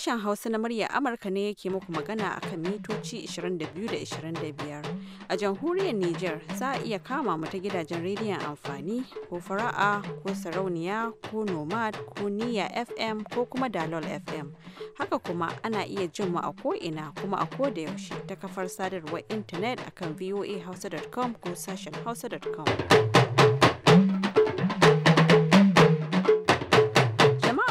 Sashen Hausa na murya Amurka ne yake muku magana a kan mitoci 22 da 25. A jamhuriyar niger za a iya kama mu ta gidajen rediyon amfani ko fara'a ko sarauniya ko nomad ko niya FM ko kuma dalol FM. Haka kuma ana iya jin mu a ko'ina kuma a ko da yaushe ta kafar sadarwar intanet akan voahausa.com ko sashen hausa.com.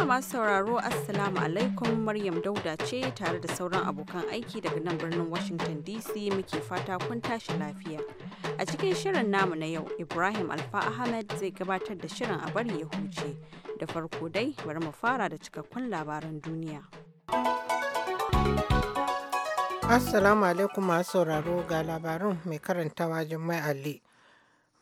masu sauraro Assalamu alaikum Maryam Dauda ce tare da sauran abokan aiki daga nan birnin Washington DC muke fata kun tashi lafiya. A cikin shirin namu na yau, Ibrahim Alfa Ahmed zai gabatar da shirin a bari ya huce. Da farko dai bari mu fara da cikakkun labaran duniya. Assalamu alaikum masu sauraro ga labarin mai karantawa Jummai Ali.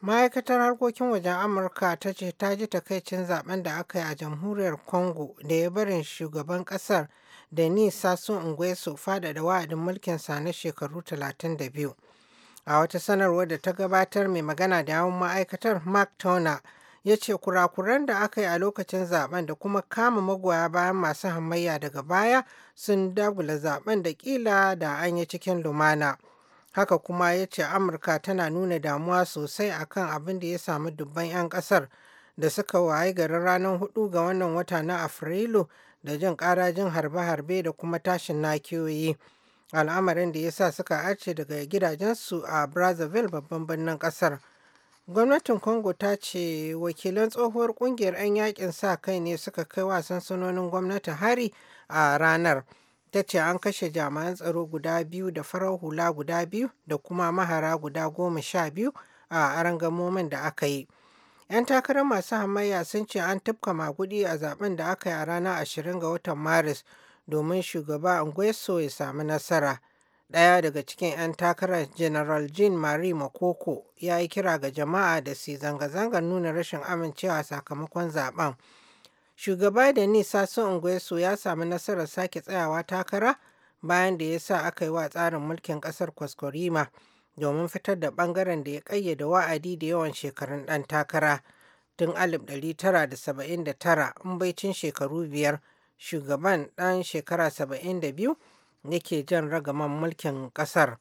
Ma'aikatar Harkokin Wajen Amurka ta ce ta ji takaicin zaben da aka yi a Jamhuriyar Congo da ya barin shugaban ƙasar Denis Sassou Nguesso faɗaɗa wa'adin mulkin sa na shekaru 32. A wata sanarwar da ta gabatar mai magana da yawun ma'aikatar Mark Turner ya ce kurakuran da aka yi a lokacin zaben da kuma kama magoya bayan masu hamayya daga baya sun dagula zaben da kila da an yi cikin lumana. Haka kuma ya ce Amurka tana nuna damuwa sosai akan abin da ya samu dubban 'yan ƙasar da suka wayi garin ranar hudu ga wannan wata na Afrilu da jin ƙarajin harbe-harbe da kuma tashin nakiyoyi. Al'amarin da ya sa suka arce daga gidajensu a Brazzaville babban birnin ƙasar. Gwamnatin Congo ta ce wakilan tsohuwar kungiyar 'yan yakin sa kai ne suka kai wa sansanonin gwamnati hari a ranar. ta ce an kashe jami'an tsaro guda biyu da farar hula guda biyu da kuma mahara guda goma sha biyu a arangamomin da aka yi. 'Yan takarar masu hamayya sun ce an tafka magudi a zaben da aka yi a ranar ashirin ga watan Maris domin shugaba Angueso ya samu nasara. Ɗaya daga cikin 'yan takarar General Jean Marie Makoko ya yi kira ga jama'a da su zanga-zangar nuna rashin amincewa sakamakon zaben. Shugaba da nisa sun Nguesso ya samu nasarar sake tsayawa takara bayan da ya sa aka yi wa tsarin mulkin ƙasar kwaskwarima domin fitar da ɓangaren da ya ƙayyada wa'adi da yawan shekarun ɗan takara. Tun 1979 in baicin shekaru biyar shugaban ɗan shekara 72 yake jan ragaman mulkin ƙasar.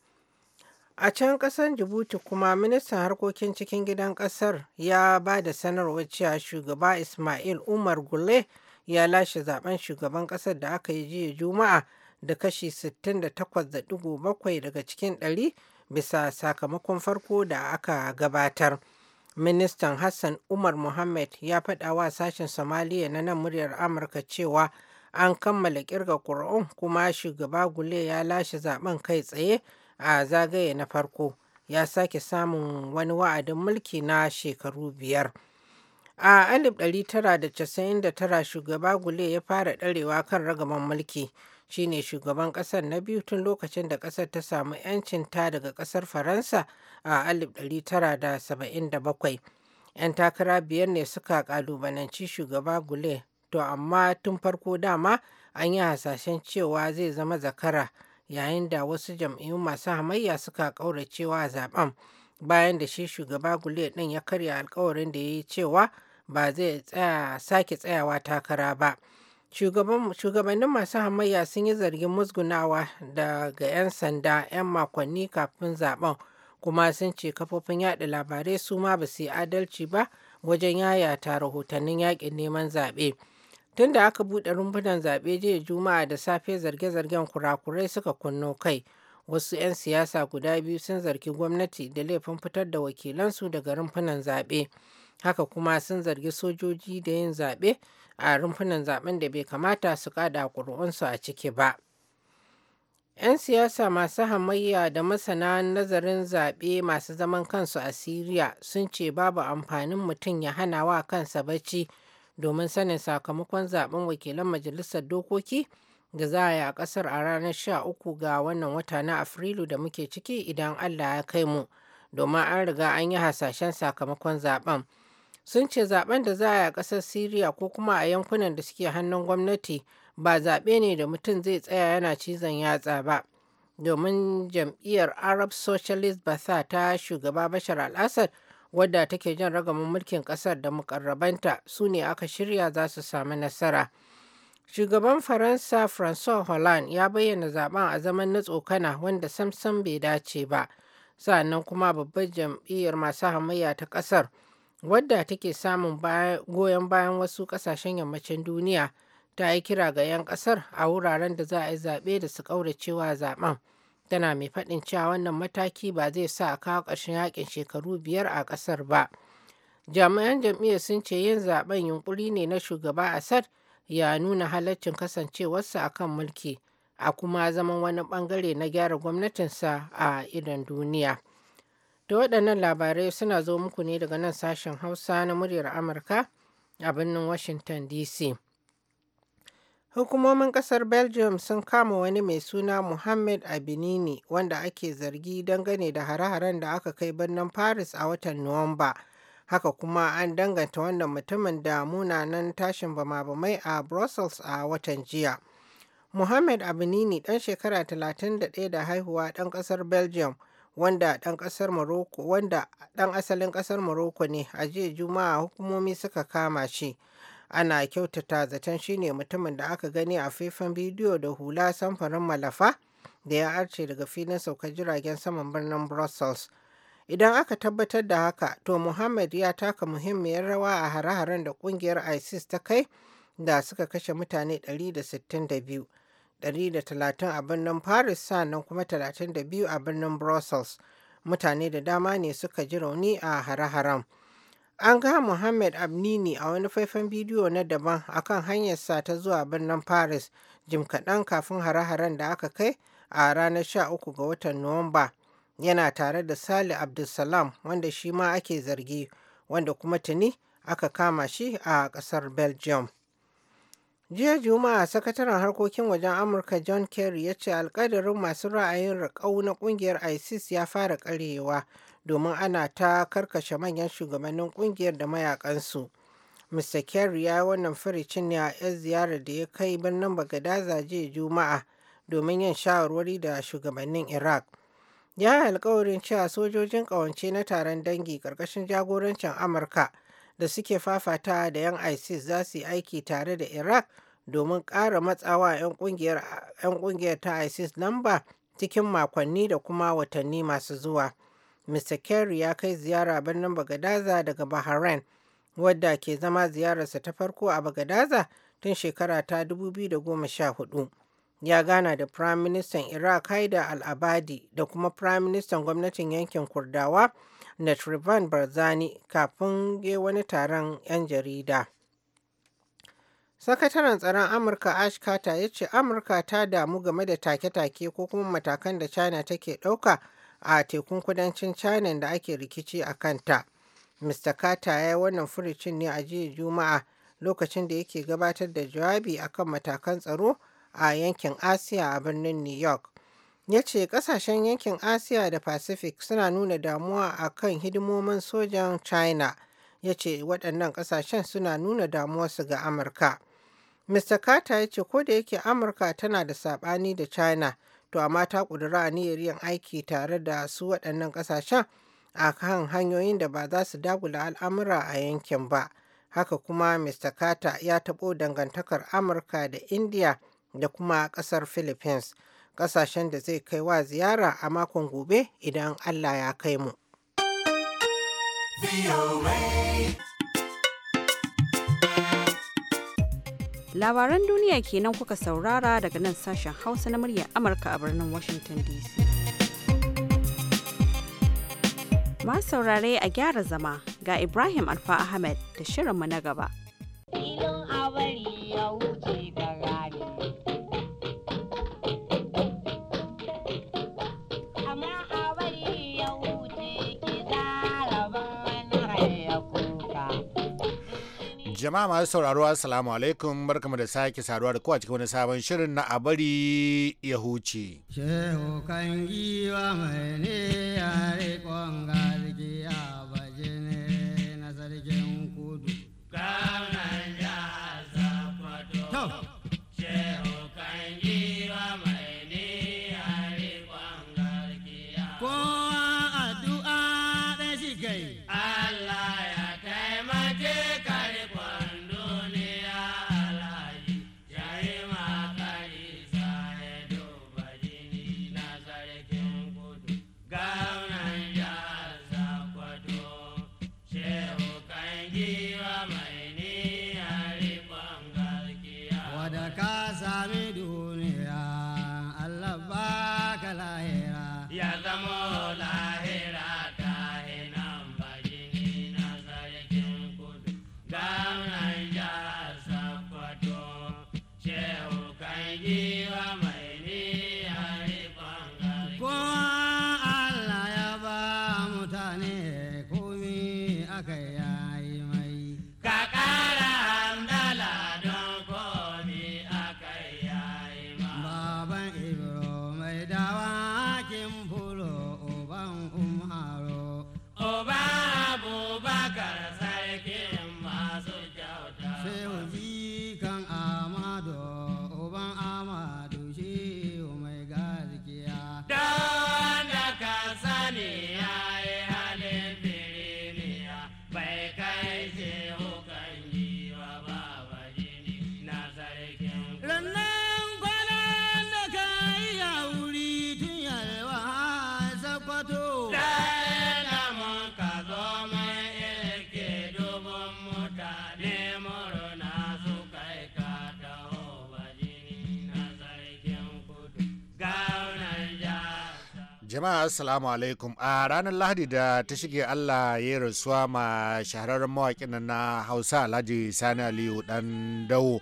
A can ƙasar jibuti kuma ministan harkokin cikin gidan ƙasar ya ba da sanarwar cewa shugaba Ismail Umar Gule ya lashe zaben shugaban ƙasar da aka yi jiya Juma'a da kashi 68.7 daga cikin 100 bisa sakamakon farko da aka gabatar. Ministan Hassan Umar Mohammed ya faɗa wa sashen Somaliya na nan muryar Amurka cewa an kammala kirga ƙuri'un kuma shugaba Gule ya lashe zaben kai tsaye a zagaye na farko ya sake samun wani wa'adin mulki na shekaru biyar. A 1999 shugaba Gule ya fara ɗarewa kan ragaman mulki shine shugaban ƙasar na biyu tun lokacin da ƙasar ta samu ta daga ƙasar Faransa a 1977. 'Yan takara biyar ne suka ƙalubalanci shugaba Gule to amma tun farko dama an yi hasashen cewa zai zama zakara yayin da wasu jam'iyyun masu hamayya suka ƙauracewa zaben bayan da shi shugaba gule din ya karya alkawarin da ya yi cewa ba zai sake tsayawa takara ba shugabannin masu hamayya sun yi zargin musgunawa daga 'yan sanda 'yan makonni kafin zaben kuma sun ce kafofin yada labarai su ma ba su yi adalci ba wajen yayata rahotannin yakin neman zaɓe. Tun da aka buɗe rumfunan zaɓe jiya Juma'a da safe zarge-zargen kurakurai suka kunno kai. Wasu 'yan siyasa guda biyu sun zargi gwamnati da laifin fitar da wakilansu daga rumfunan zaɓe. Haka kuma sun zargi sojoji da yin zaɓe a rumfunan zaɓen da bai kamata su kada ƙuri'unsu a ciki ba. 'Yan siyasa masu hamayya da masana nazarin zaɓe masu zaman kansu a Siriya sun ce babu amfanin mutum ya hana wa kansa bacci domin sanin sakamakon zaben wakilan majalisar dokoki da za a yi a kasar a ranar 13 ga wannan wata na afrilu da muke ciki idan allah ya kai mu domin an riga an yi hasashen sakamakon zaben sun ce zaben da za a yi a kasar syria ko kuma a yankunan da suke hannun gwamnati ba zaɓe ne da mutum zai tsaya yana cizon yatsa ba domin jam'iyyar arab socialist basa ta shugaba bashar al-assad wadda take jan ragaman mulkin kasar da mukarrabanta su ne aka shirya za su sami nasara shugaban faransa francois hollande ya bayyana zaben a zaman na tsokana wanda samsam bai dace ba sannan kuma babbar jam'iyyar masu hamayya ta kasar wadda take samun goyon bayan wasu kasashen yammacin duniya ta yi kira ga 'yan kasar a wuraren da za a yi zaɓe da su ƙauracewa zaben. zaben tana mai faɗin cewa wannan mataki ba zai sa a kawo ƙarshen yakin shekaru biyar a ƙasar ba jami'an jam'iyyar sun ce yin zaben yunkuri ne na shugaba asad ya nuna halaccin kasancewarsa a kan mulki a kuma zaman wani bangare na gyara gwamnatinsa a idan duniya da waɗannan labarai suna zo muku ne daga nan sashen hausa na muryar amurka a birnin washington dc Hukumomin kasar Belgium sun kama wani mai suna Mohamed Abinini wanda ake zargi dangane da hare-haren da aka kai birnin Paris a watan Nuwamba. Haka kuma an danganta wannan mutumin da munanan tashin bama-bamai a Brussels a watan jiya. Mohamed Abinini ɗan shekara 31 da haihuwa ɗan ƙasar Belgium wanda ɗan kasar asalin ƙasar Morocco ne a jiya Juma'a hukumomi suka kama shi. ana kyautata zaton shine mutumin da aka gani a faifan bidiyo da hula samfurin malafa da ya arce daga filin saukar jiragen saman birnin brussels idan aka tabbatar da haka to muhammad ya taka muhimmiyar rawa a hare-haren da kungiyar isis ta kai da suka kashe mutane 162 130 a birnin paris sannan kuma 32 a birnin brussels mutane da dama ne suka ji rauni a hare-haren An ga Mohammed abnini a wani faifan bidiyo na daban a akan hanyarsa ta zuwa birnin Paris jim kaɗan kafin hare-haren da aka kai a ranar 13 ga watan Nuwamba. Yana tare da Sale Abdulsalam wanda shi ma ake zargi, wanda kuma tuni aka kama shi a ƙasar Belgium. Jiya Juma'a sakataren harkokin wajen Amurka John Kerry ya ce alkadarin masu ra'ayin rikau na ƙungiyar ISIS ya fara ƙaryewa. domin ana ta karkashe manyan shugabannin kungiyar da mayakansu. Mr. Kerry ya yi wannan furicin ne a 'yan ziyarar da ya kai birnin Bagadaza jiya Juma'a domin yin shawarwari da shugabannin Iraq. Ya alkawarin cewa sojojin ƙawance na taron dangi ƙarƙashin jagorancin Amurka da suke fafata da 'yan ISIS za su yi aiki tare da Iraq domin ƙara matsawa 'yan ƙungiyar ta ISIS lamba cikin makonni da kuma watanni masu zuwa. Mr. Kerry ya kai ziyara birnin Bagadaza daga Bahrain, wadda ke zama ziyararsa ta farko a Bagadaza tun shekara ta 2014. Ya gana da Prime Minister Iraq Haida al-Abadi da kuma Prime Minister gwamnatin yankin Kurdawa Natrivan Barzani kafin ya wani taron 'yan jarida. Sakataren tsaron Amurka Ash Carter ya ce Amurka ta damu game da take-take ko kuma matakan da China take ɗauka a tekun kudancin china da ake rikici a kanta mr carter ya yi wannan furucin ne a jiya juma'a lokacin da yake gabatar da jawabi akan matakan tsaro a yankin asiya a birnin new york ya ce kasashen yankin asiya da pacific suna nuna damuwa a kan hidimomin sojan china ya ce waɗannan ƙasashen suna nuna damuwarsu ga amurka mr carter ya ce ko da yake amurka tana da saɓani da china to amma ta ƙudura aniyar yin aiki tare da su waɗannan ƙasashen a kan hanyoyin da ba za su dagula al'amura a yankin ba haka kuma mr carter ya taɓo dangantakar amurka da india da kuma ƙasar philippines ƙasashen da zai kai wa ziyara a makon gobe idan allah ya kai mu. labaran duniya kenan kuka saurara daga nan sashen hausa na muryar amurka a birnin washington dc ma saurare a gyara zama ga ibrahim alfa ahmed da shirinmu na gaba. ya wuce Jama'a masu sauraro Assalamu alaikum barkamu da sake saduwa da kowa cikin wani sabon shirin na abari ya huce. Shehu kan giwa mai ne ya riƙon Jama'a assalamu alaikum a ranar Lahadi da ta shige Allah ya rasuwa ma shahararren mawaƙin na Hausa Alhaji Sani Aliyu dan dawo.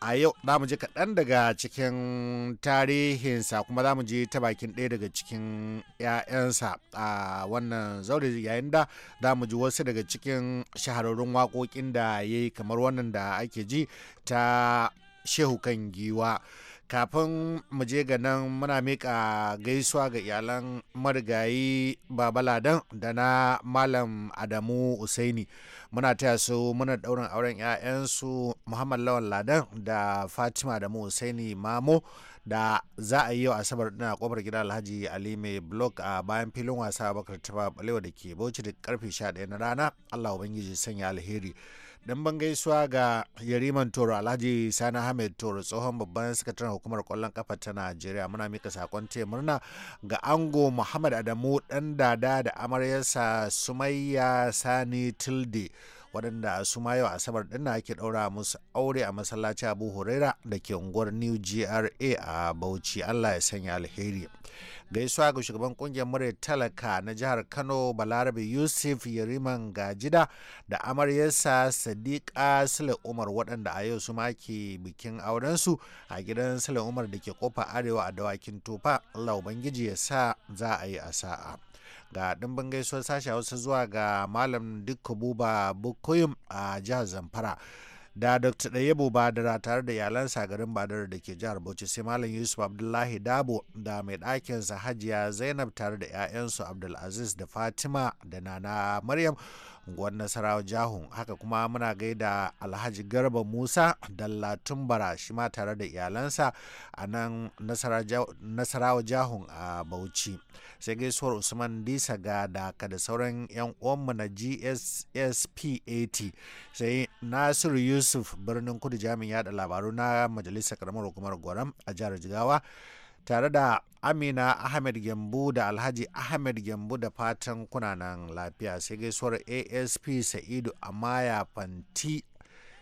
a yau za mu ji kaɗan daga cikin tarihinsa kuma za mu ji ta bakin ɗaya daga cikin 'ya'yansa a wannan zaure yayin da za mu ji wasu daga cikin shahararrun waƙoƙin da ya yi kamar wannan da ake ji ta shehu kan giwa. kafin mu je ga nan muna mika gaisuwa ga iyalan marigayi babaladan da na malam adamu usaini muna taya su muna daurin auren 'ya'yansu muhammad lawan ladan da fatima adamu usaini mamo da za a yi yau asabar dina kofar gidan alhaji ali mai blok a bayan filin wasa bakar tafa balewa da ke bauchi da karfe 11 na rana allah ubangiji sanya alheri Dan ban gaisuwa ga yariman toro alhaji sani ahmed toro tsohon babban sakataren hukumar kwallon kafa ta najeriya muna mika sakon te murna ga ango muhammad adamu dan dada da amaryarsa sumayya sani tilde waɗanda su ma yau asabar ɗin na ake ɗaura musu aure a masallaci abu huraira da ke unguwar new gra a bauchi allah ya sanya alheri gaisuwa ga shugaban kungiyar murya talaka na jihar kano balarabe yusuf yariman gajida da amaryarsa sadiqa sule umar waɗanda a yau su maki bikin aurensu a gidan sule umar da ke kofa arewa a dawakin tufa allah ubangiji ya sa za a yi a sa'a ga ɗimbin gaisuwar sashi hausa zuwa ga malam dukka buba bukoyum a jihar zamfara da dr ɗayebo badara tare da iyalansa garin badara da ke jihar bauchi sai malam yusuf abdullahi dabo da mai ɗakinsa hajiya zainab tare da 'ya'yansu abdulaziz da fatima da nana maryam unguwar nasarawa jahun haka kuma muna gaida alhaji garba musa dallatun bara shi ma tare da iyalansa a nan nasarawa jahun a bauchi sai gaisuwar usman disa ga daka da sauran yan uwanmu na gssp 80 sai nasiru yusuf birnin kudu jami'in yada labaru na majalisar karamar hukumar gwaram a jihar jigawa tare da amina ahmed gyambu da alhaji ahmed gyambu da fatan kunanan lafiya sai gaisuwar asp sa'idu amaya fanti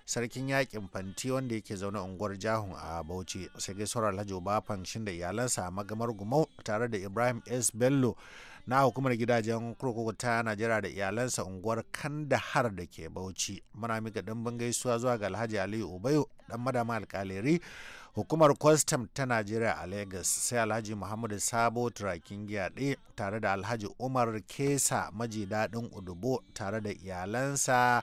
sarkin yakin fanti wanda yake zaune unguwar jahun a bauchi sai gaisuwar alhaji oba fanshin da iyalansa magamar gumau tare da ibrahim s bello na hukumar gidajen kurkuku ta najera da iyalansa unguwar kandahar da ke bauchi muna mika dimbin gaisuwa zuwa ga alhaji aliyu ubayo dan madama alkaleri hukumar kwastam ta najeriya a lagos sai alhaji muhammadu sabo turakin giyaɗe tare da alhaji umar kesa maji daɗin udubo tare da iyalansa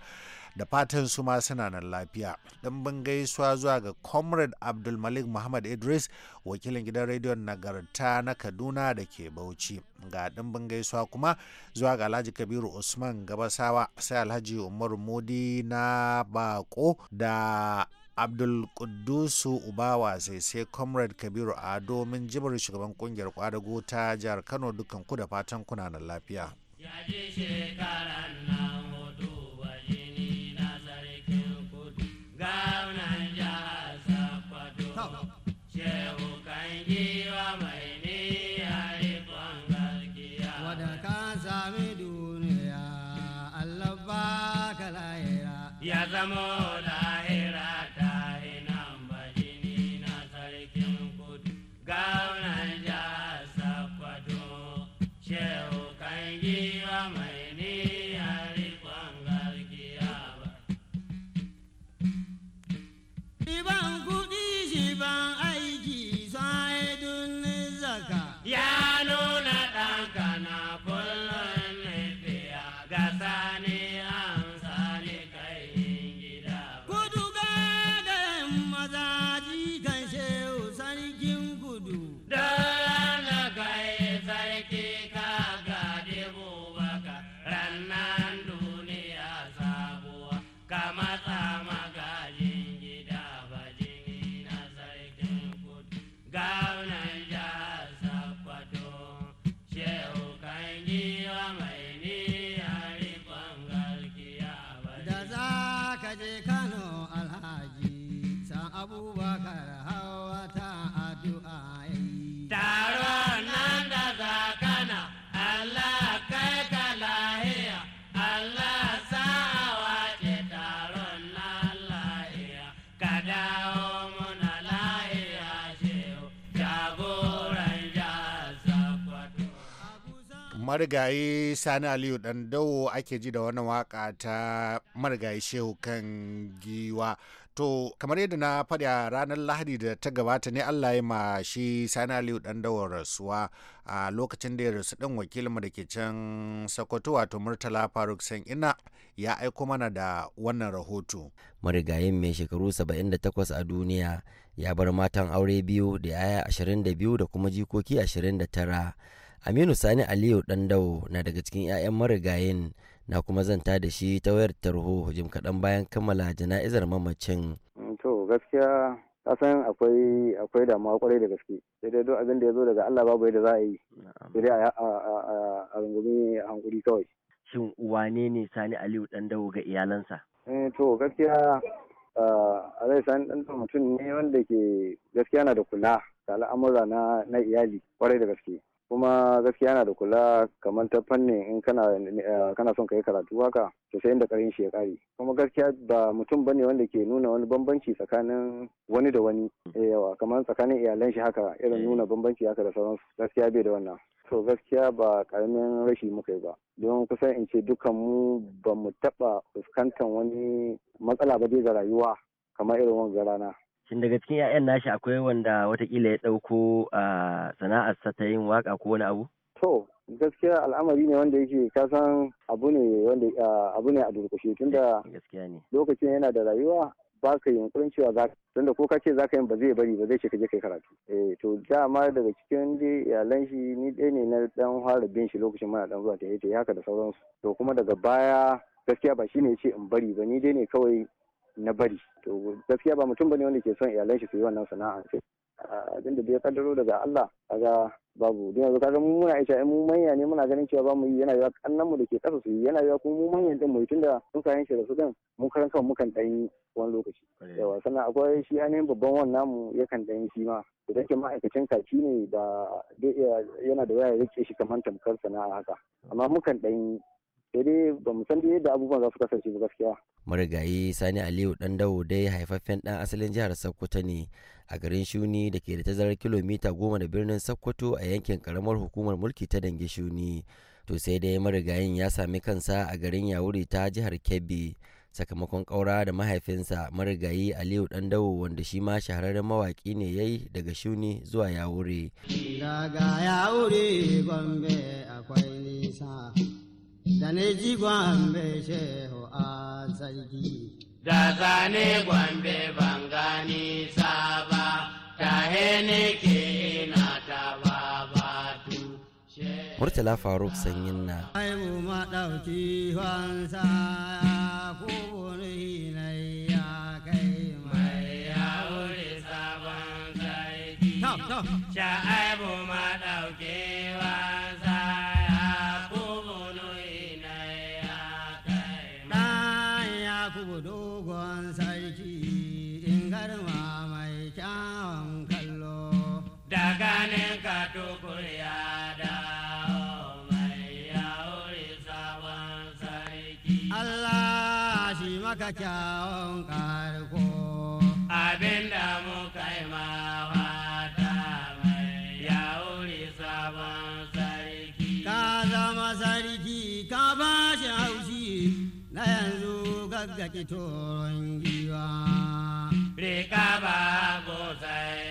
da fatan su ma suna nan lafiya ɗimbin gaisuwa zuwa ga comrade abdulmalik muhammad idris wakilin gidan rediyon nagarta na kaduna da ke bauchi ga ɗimbin gaisuwa kuma zuwa ga alhaji kabiru usman gabasawa sai alhaji umar modi na bako da abdul kudusu ubawa sai sai comrade kabiru a domin jibar shugaban kungiyar kwadago ta jihar kano dukkan ku da fatan kuna nan lafiya marigayi sani aliyu dan dawo ake ji da wani waka ta marigayi shehu kan giwa to kamar yadda na faɗi a ranar lahadi da ta gabata ne allah ya ma shi sani aliyu dan dawo rasuwa a lokacin da ya rasu ɗin wakilinmu da ke can sokoto wato murtala faruk san ina ya aiko mana da wannan rahoto marigayi mai shekaru 78 a duniya ya bar matan aure biyu da yaya 22 da kuma jikoki 29 aminu sani aliyu dawo na daga cikin 'ya'yan marigayin na kuma zanta da shi ta wayar tarho jim kaɗan bayan kammala jana'izar mamacin mm, to gaskiya kasan akwai akwai damuwa kwarai da gaske sai dai duk abin da ya zo daga Allah babu yadda za a yi sai dai a rungumi hankuri kawai shin wane ne sani aliyu dawo ga iyalansa eh, to gaskiya zai sani dawo mutum ne wanda ke gaskiya na da kula da al'amura na iyali kwarai da gaske kuma gaskiya yana da kula kamar ta fannin in kana eh, son ka yi karatu haka to sai inda karin shi ya kare kuma gaskiya ba mutum bane wanda ke nuna wani bambanci tsakanin wani da wani eh, yawa kamar tsakanin iyalan shi haka irin nuna eh. bambanci haka da sauransu gaskiya bai da wannan to gaskiya ba karamin rashi muka yi ba don kusan in ce dukan mu ba mu taba fuskantar wani matsala ba dai ga rayuwa kamar irin wani rana Shin daga cikin ‘ya'yan nashi akwai wanda watakila ya ɗauko a sana'arsa ta yin waka ko wani abu? To, gaskiya al'amari ne wanda yake kasan abu ne wanda abu ne a durkushe tunda eh, lokacin yana da rayuwa ba ka yi yunkurin cewa za ka tunda ko ka ce za ka yi ba zai bari ba zai ce ka je kai karatu eh to dama daga cikin dai iyalan shi ni ɗaya ne na dan fara bin shi lokacin muna dan zuwa ta yi haka da sauransu to kuma daga baya gaskiya ba shine ce in bari ba ni dai ne kawai na bari to gaskiya ba mutum bane wanda ke son iyalan shi su yi wannan sana'a sai ah, abin da ya kaddaro daga Allah kaga babu don yanzu kaga mu muna aisha mu manya ne muna ganin cewa ba mu yi yana yiwa kannan mu da ke kasa su yi yana yiwa kuma mu manya din mu tunda sun kayan shi da su din mun karan kan mukan dan wani lokaci yawa sannan akwai shi ainihin babban wannan mu yakan dan shi ma idan ke ma'aikacin kaci ne da yana da waya rike shi kamar tamkar sana'a haka amma mukan dan sai dai ba mu san yadda abubuwan za su kasance ba gaskiya marigayi sani aliyu dan dawo dai haifaffen dan asalin jihar sokoto ne a garin shuni da ke da tazarar kilomita goma da birnin sokoto a yankin karamar hukumar mulki ta dange shuni to sai dai marigayin ya sami kansa a garin yawuri ta jihar kebbi sakamakon kaura da mahaifinsa marigayi aliyu dan dawo wanda shi ma shahararren mawaki ne yayi daga shuni zuwa yawuri daga da ne ji gwambe shehu a sarki. Da zane gwambe ban gani saba, ta hene ke na ta babatu. Murtala Faruk sanyin na. Ai mu ma ɗauki wansa ko wani na ya kai mai ya wuri sabon sarki. Sha ai mu ma ɗauki ka kyawun karko abin da muka yi mawata mai ya wuri sabon sarki ka zama sarki ka ba shi haushi na yanzu gaggaki turon giwa rika ba gosai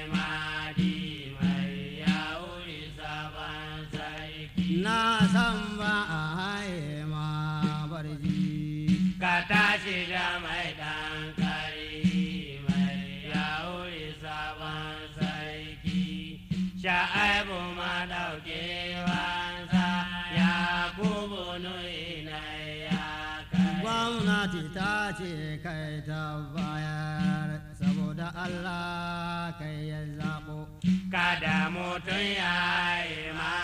Allah kai ya zabo Kada mutum ya yi ma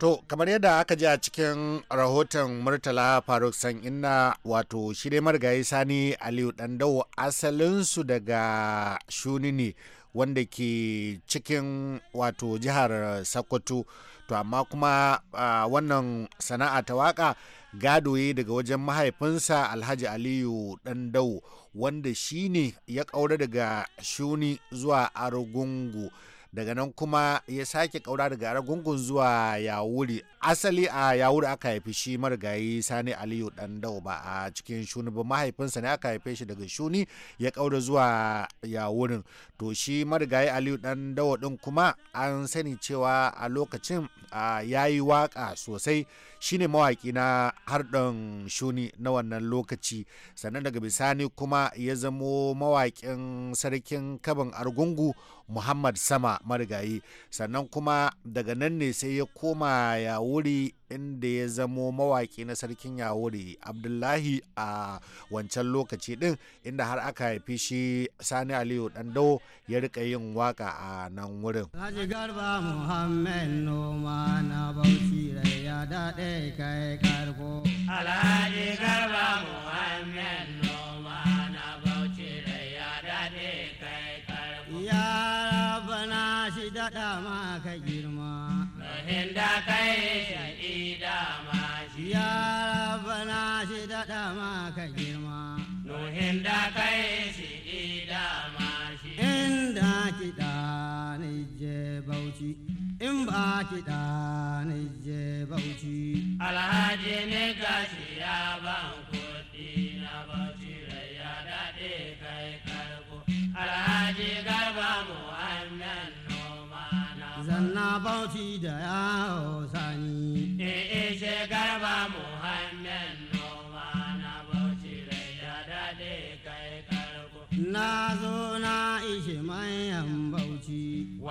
To, kamar yadda aka ji a cikin rahoton Murtala Faruk San inna wato shi dai marigayi Sani Aliyu Dandawo asalinsu daga shuni ne wanda ke cikin wato jihar Sokoto. To, amma kuma wannan sana'a ta waka gadoye daga wajen mahaifinsa Alhaji Aliyu Dandawo wanda shi ne ya ƙaura daga shuni zuwa Argungu. daga nan kuma ya sake kaura daga ragungun zuwa yawuri asali a yawuri aka haifi shi marigayi sani aliyu dan ba a cikin shuni ba mahaifinsa ne aka haife shi daga shuni ya kaura zuwa yawurin to shi marigayi aliyu dan dawo din kuma an sani cewa a lokacin ya yi waka sosai shine mawaki na harɗin shuni na wannan lokaci sannan daga bisani kuma ya zamo mawaƙin sarkin kabin argungu muhammad sama marigayi sannan kuma daga nan ne sai ya koma yawuri inda ya zamo mawaki na sarkin yawuri abdullahi a wancan lokaci din inda har aka haifi shi sani aliyu dawo ya rika yin waka a nan wurin garba muhammad noma na bauchi rai ya daɗe kai karko. Alhaji Garba Muhammad noma na bauchi da ya daɗe kai karko. Ya rabana shi daɗa ma ka girma. Rahin da kai shaɗi dama shi. Ya rabana shi daɗa ma ka girma. Nuhin da kai ba kiɗa da bauchi. Alhaji ne gashi ya ban kuɗi na bauchi rai ya daɗe kai karko. Alhaji garba mu annan noma na. Zanna bauchi da yawo sani. Eh eh garba mu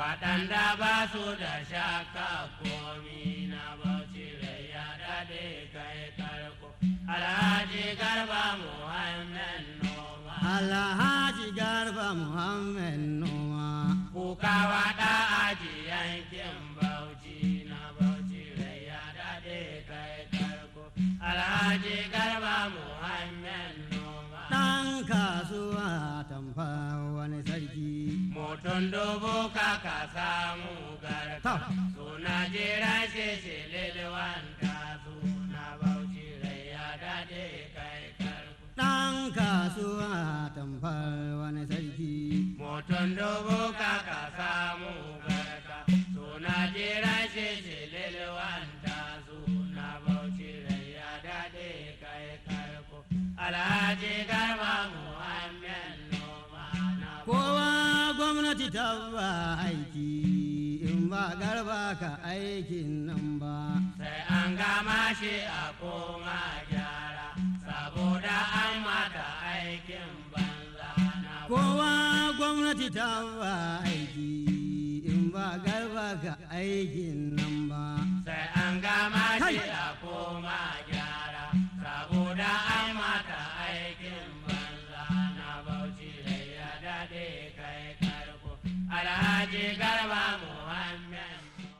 waɗanda ba su da shaka komi na bauchi da ya daɗe kai karko alhaji garba muhammed noma alhaji garba muhammed noma kuka waɗa aji yankin bauchi na bauchi da ya daɗe kai karko alhaji garba muhammed noma ɗan kasuwa tamfa wani sarki hoton dobo kaka samu garka suna jiran shi shi lilwanta dabba aiki in ba garba ka aikin nan ba. Sai an gama shi a koma gyara saboda an mata aikin banza na Kowa gwamnati ta ba aiki in ba garba ka aikin nan ba. Sai an gama shi a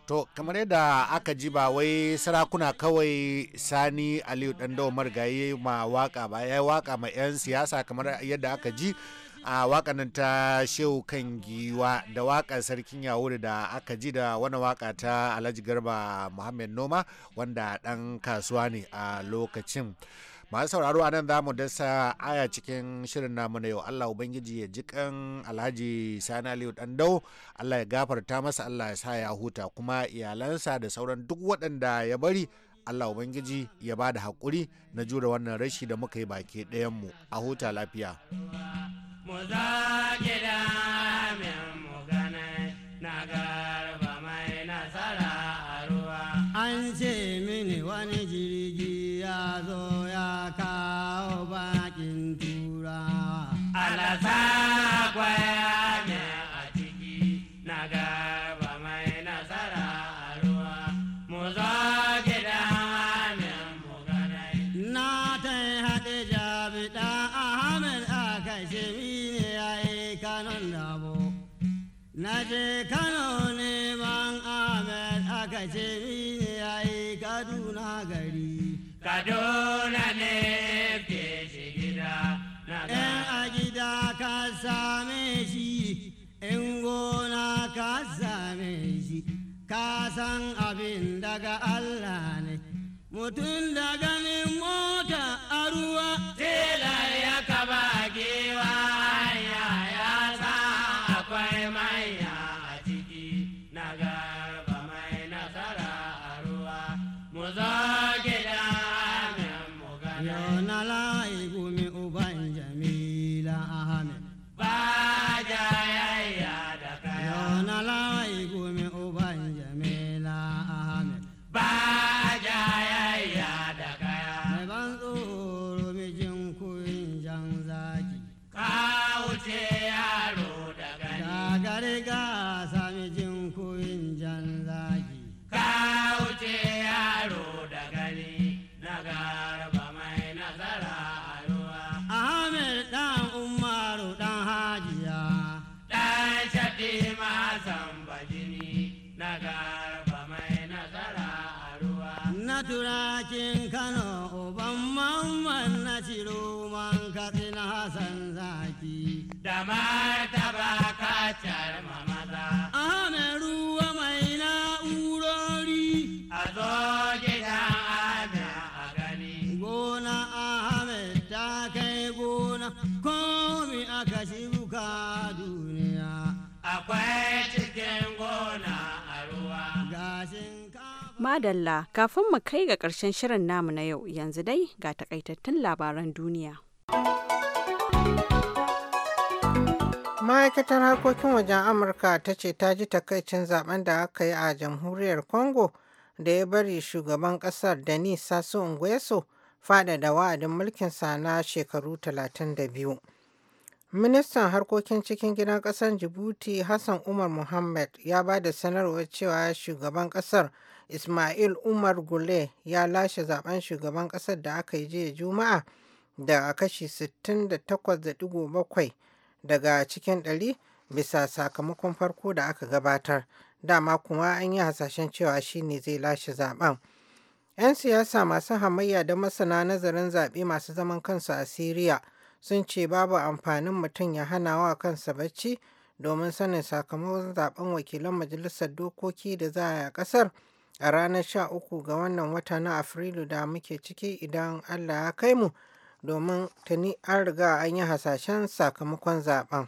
To kamar yadda aka ji ba wai sarakuna kawai Sani Aliyu Dandawa Margaye ma waka ba ya waka ma 'yan siyasa kamar yadda aka ji a wakanan ta shehu kan giwa da waka sarkin yawuri da aka ji da wani waka ta Alhaji Garba muhammed Noma wanda dan kasuwa ne a lokacin. masu sauraro anan za mu dasa aya cikin shirin namu na yau Allah ubangiji ya ji kan Alhaji Sani Aliyu Dandau Allah ya gafarta masa Allah ya sa ya huta kuma iyalansa da sauran duk waɗanda ya bari Allah ubangiji ya ba da haƙuri na jure wannan rashi da muka yi baki ɗayanmu a huta lafiya. ce mini wani jirgi ya zo ya kawo bakin tura. Alasa kwaya. daga Allah ne mutum da ganin mota a ruwa sai ya komi aka duniya akwai cikin gona a ruwa Madalla kafin mu kai ga ƙarshen shirin namu na yau yanzu dai ga takaitattun labaran duniya. ma'aikatar harkokin wajen amurka ta ce ta ji takaicin zaben da aka yi a jamhuriyar congo da ya bari shugaban ƙasar denis sassou nguesso faɗaɗa wa'adin mulkinsa na shekaru 32. Ministan harkokin cikin gidan ƙasar jibuti Hassan Umar Mohammed ya ba da sanarwar cewa shugaban ƙasar Ismail Umar Gule ya lashe zaben shugaban ƙasar da aka yi jiya Juma'a da kashi 68.7 daga cikin ɗari bisa sakamakon farko da aka gabatar. Dama kuma an yi hasashen cewa shi ne zai lashe zaben. 'Yan siyasa masu hamayya da masana nazarin zaɓe masu zaman kansu a Siriya sun ce babu amfanin mutum ya hana wa kansa bacci domin sanin sakamakon zaben wakilan majalisar dokoki da za a kasar ƙasar a ranar 13 ga wannan wata na Afrilu da muke ciki idan Allah ya kai mu domin tuni an riga an yi hasashen sakamakon zaben.